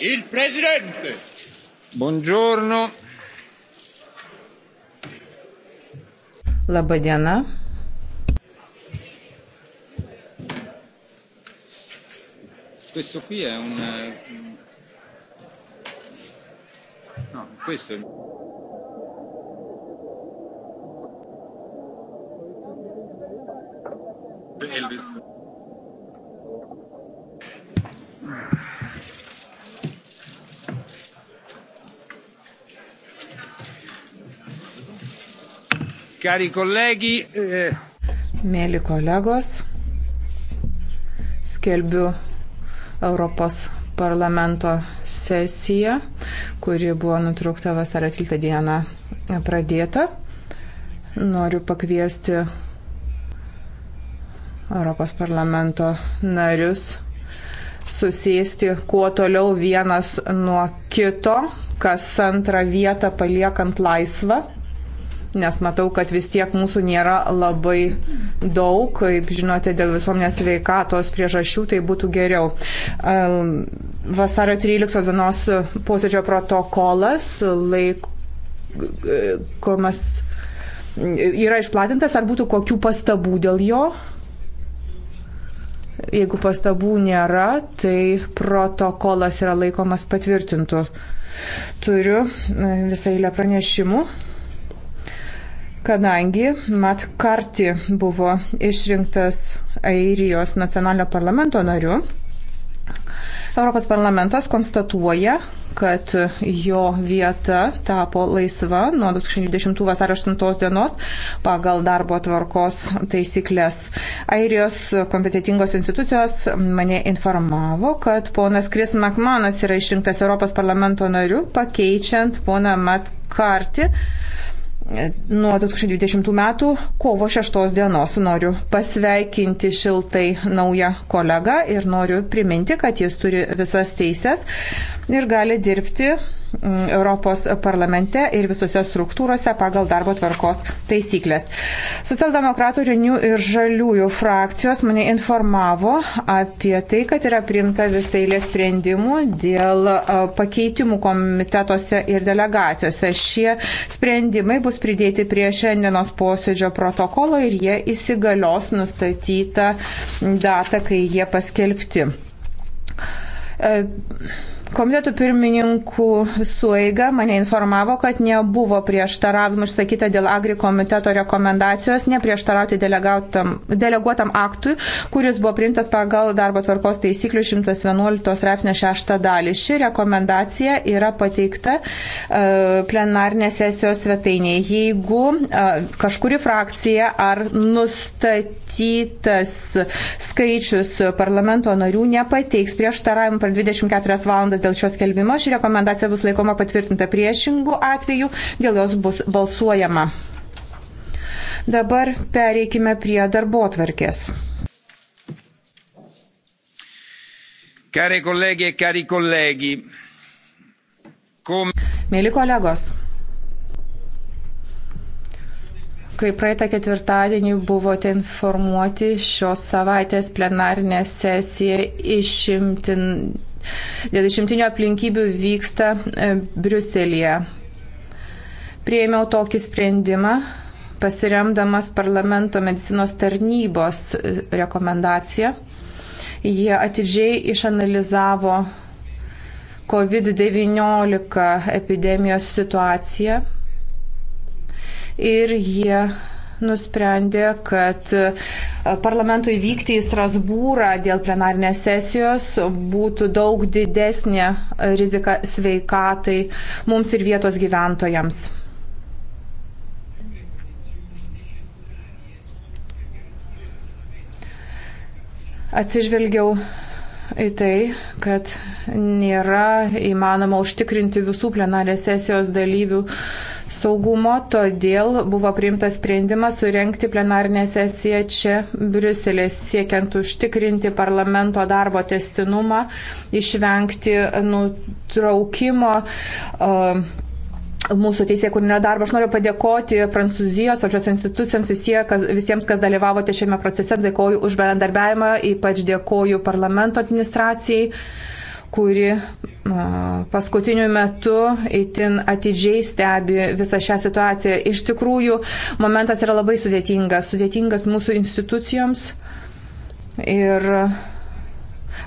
Il presidente. Buongiorno. Labadiena. Questo qui è un... Eh, no, questo è... Elvis. Cari colleghi. Eh, Mėly kolegos, skelbiu Europos parlamento sesiją, kuri buvo nutraukta vasario 13 dieną pradėta. Noriu pakviesti Europos parlamento narius susėsti kuo toliau vienas nuo kito, kas antrą vietą paliekant laisvą nes matau, kad vis tiek mūsų nėra labai daug, kaip žinote, dėl visuomenės veikatos priežasčių tai būtų geriau. Vasario 13 dienos posėdžio protokolas laikomas yra išplatintas, ar būtų kokių pastabų dėl jo? Jeigu pastabų nėra, tai protokolas yra laikomas patvirtintu. Turiu e, visą eilę pranešimų kadangi Mat Karti buvo išrinktas Airijos nacionalinio parlamento nariu. Europos parlamentas konstatuoja, kad jo vieta tapo laisva nuo 2010 vasario 8 dienos pagal darbo tvarkos taisyklės. Airijos kompetitingos institucijos mane informavo, kad ponas Kris Makmanas yra išrinktas Europos parlamento nariu, pakeičiant poną Matkartį nuo 2020 metų kovo 6 dienos noriu pasveikinti šiltai naują kolegą ir noriu priminti, kad jis turi visas teises ir gali dirbti Mm, Europos parlamente ir visose struktūrose pagal darbo tvarkos taisyklės. Socialdemokratų Renių ir Žaliųjų frakcijos mane informavo apie tai, kad yra priimta visai lės sprendimų dėl pakeitimų komitetuose ir delegacijose. Šie sprendimai bus pridėti prie šiandienos posėdžio protokolo ir jie įsigalios nustatytą datą, kai jie paskelbti e, Komitetų pirmininkų suiga mane informavo, kad nebuvo prieštaravimų išsakyta dėl agri komiteto rekomendacijos neprieštarauti deleguotam aktui, kuris buvo priimtas pagal darbo tvarkos taisyklių 111 straipsnio 6 dalį. Ši rekomendacija yra pateikta e, plenarnės sesijos svetainėje. Jeigu e, kažkuri frakcija ar nustatytas skaičius parlamento narių nepateiks prieštaravimų per 24 valandas, balsavimas dėl šios kelbimo. Ši rekomendacija bus laikoma patvirtinta priešingų atvejų, dėl jos bus balsuojama. Dabar pereikime prie darbo tvarkės. Care kolegė, e cari kolegi. Kom... Mėly kolegos, kai praeitą ketvirtadienį buvote informuoti šios savaitės plenarinė sesija išimtin dėl išimtinių aplinkybių vyksta e, Briuselėje. Prieimiau tokį sprendimą pasiremdamas parlamento medicinos tarnybos e, rekomendaciją. Jie atidžiai išanalizavo COVID-19 epidemijos situaciją ir jie nusprendė, kad e, parlamentui vykti į Strasbūrą dėl plenarinės sesijos būtų daug didesnė e, rizika sveikatai mums ir vietos gyventojams. Atsižvelgiau į tai, kad nėra įmanoma užtikrinti visų plenarės sesijos dalyvių saugumo, todėl buvo priimtas sprendimas surenkti plenarinę sesiją čia Briuselė, siekiant užtikrinti parlamento darbo testinumą, išvengti nutraukimo. Uh, mūsų teisė kūrinio darbą. Aš noriu padėkoti Prancūzijos valdžios institucijoms visie, kas, visiems, kas dalyvavote šiame procese. Dėkoju už bendarbiavimą, ypač dėkoju parlamento administracijai kuri paskutiniu metu itin atidžiai stebi visą šią situaciją. Iš tikrųjų, momentas yra labai sudėtingas, sudėtingas mūsų institucijoms ir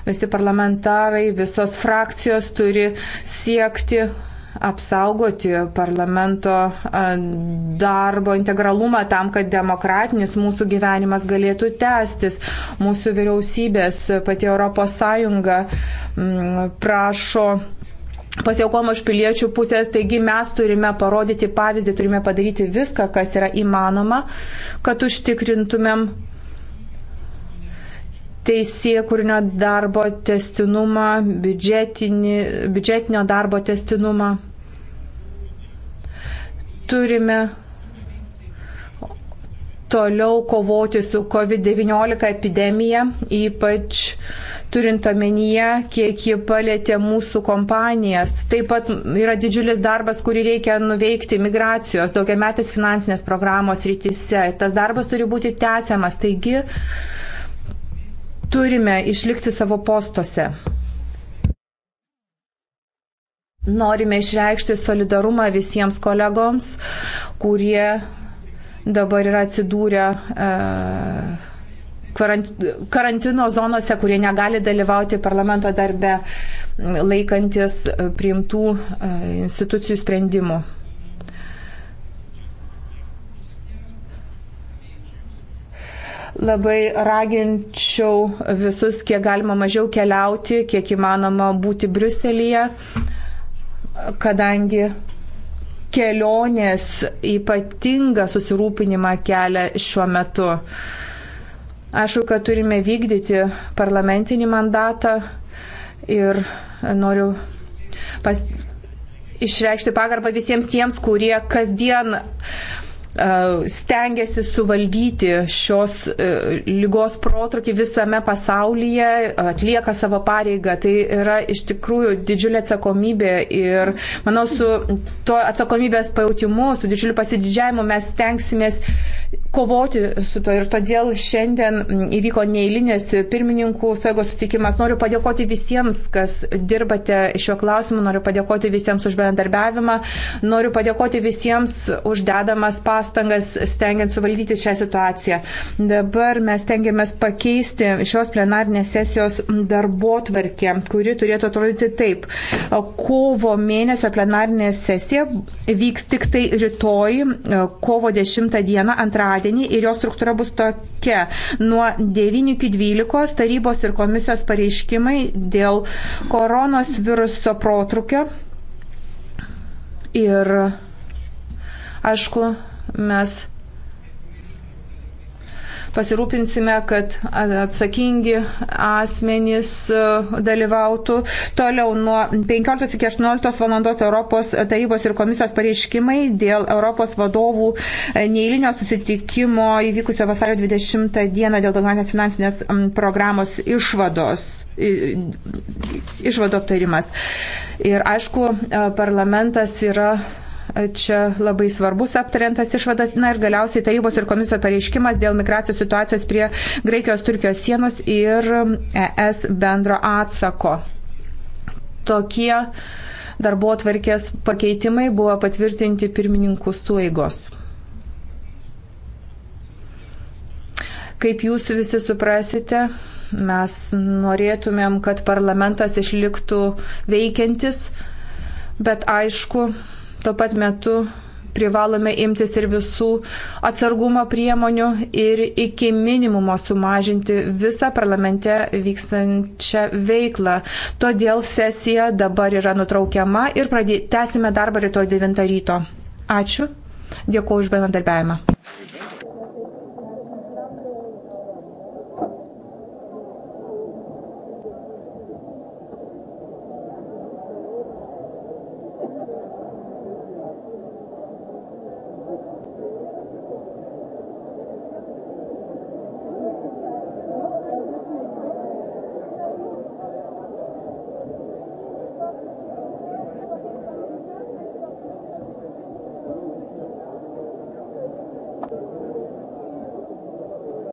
visi parlamentarai, visos frakcijos turi siekti apsaugoti parlamento darbo integralumą tam, kad demokratinis mūsų gyvenimas galėtų tęstis. Mūsų vyriausybės, pati ES prašo pasiaukom už piliečių pusės, taigi mes turime parodyti pavyzdį, turime padaryti viską, kas yra įmanoma, kad užtikrintumėm teisėjų kūrinio darbo testinumą, biudžetinio darbo testinumą. Turime toliau kovoti su COVID-19 epidemija, ypač turint omenyje, kiek ji palėtė mūsų kompanijas. Taip pat yra didžiulis darbas, kurį reikia nuveikti migracijos, daugiametės finansinės programos rytise. Tas darbas turi būti tęsiamas. Taigi, turime išlikti savo postuose. Norime išreikšti solidarumą visiems kolegoms, kurie dabar yra atsidūrę e, karantino zonose, kurie negali dalyvauti parlamento darbe laikantis priimtų e, institucijų sprendimų. labai raginčiau visus, kiek galima mažiau keliauti, kiek įmanoma būti Briuselyje, kadangi kelionės ypatinga susirūpinimą kelia šiuo metu. Aišku, kad turime vykdyti parlamentinį mandatą ir noriu pas, išreikšti pagarbą visiems tiems, kurie kasdien stengiasi suvaldyti šios e, lygos protrukį visame pasaulyje, atlieka savo pareigą. Tai yra iš tikrųjų didžiulė atsakomybė ir manau su to atsakomybės pajūtimu, su didžiuliu pasididžiavimu mes stengsimės kovoti su to ir todėl šiandien įvyko neįlinės pirmininkų suėgos sutikimas. Noriu padėkoti visiems, kas dirbate šiuo klausimu, noriu padėkoti visiems už bendarbiavimą, noriu padėkoti visiems už dedamas pastangas stengiant suvaldyti šią situaciją. Dabar mes tengiamės pakeisti šios plenarnės sesijos darbo tvarkę, kuri turėtų atrodyti taip. Kovo mėnesio plenarnė sesija vyks tik tai rytoj, kovo 10 dieną, antrą antradienį ir jo struktūra bus tokia. Nuo 9 iki 12 tarybos ir komisijos pareiškimai dėl koronos viruso protrukio. Ir aišku, mes pasirūpinsime, kad atsakingi asmenys e, dalyvautų. Toliau nuo 15 iki 18 val. Europos tarybos ir komisijos pareiškimai dėl Europos vadovų e, neįlinio susitikimo įvykusio vasario 20 dieną dėl daugiausias finansinės programos išvados išvado aptarimas. Ir aišku, e, parlamentas yra čia labai svarbus aptariantas išvadas. Na ir galiausiai tarybos ir komisijos pareiškimas dėl migracijos situacijos prie Graikijos-Turkijos sienos ir ES bendro atsako. Tokie darbo atvarkės pakeitimai buvo patvirtinti pirmininkų sueigos. Kaip jūs visi suprasite, mes norėtumėm, kad parlamentas išliktų veikiantis, bet aišku, Tuo pat metu privalome imtis ir visų atsargumo priemonių ir iki minimumo sumažinti visą parlamente vykstančią veiklą. Todėl sesija dabar yra nutraukiama ir pradė... tęsime darbą rytoj 9 ryto. Ačiū. Dėkuoju už bendradarbiavimą.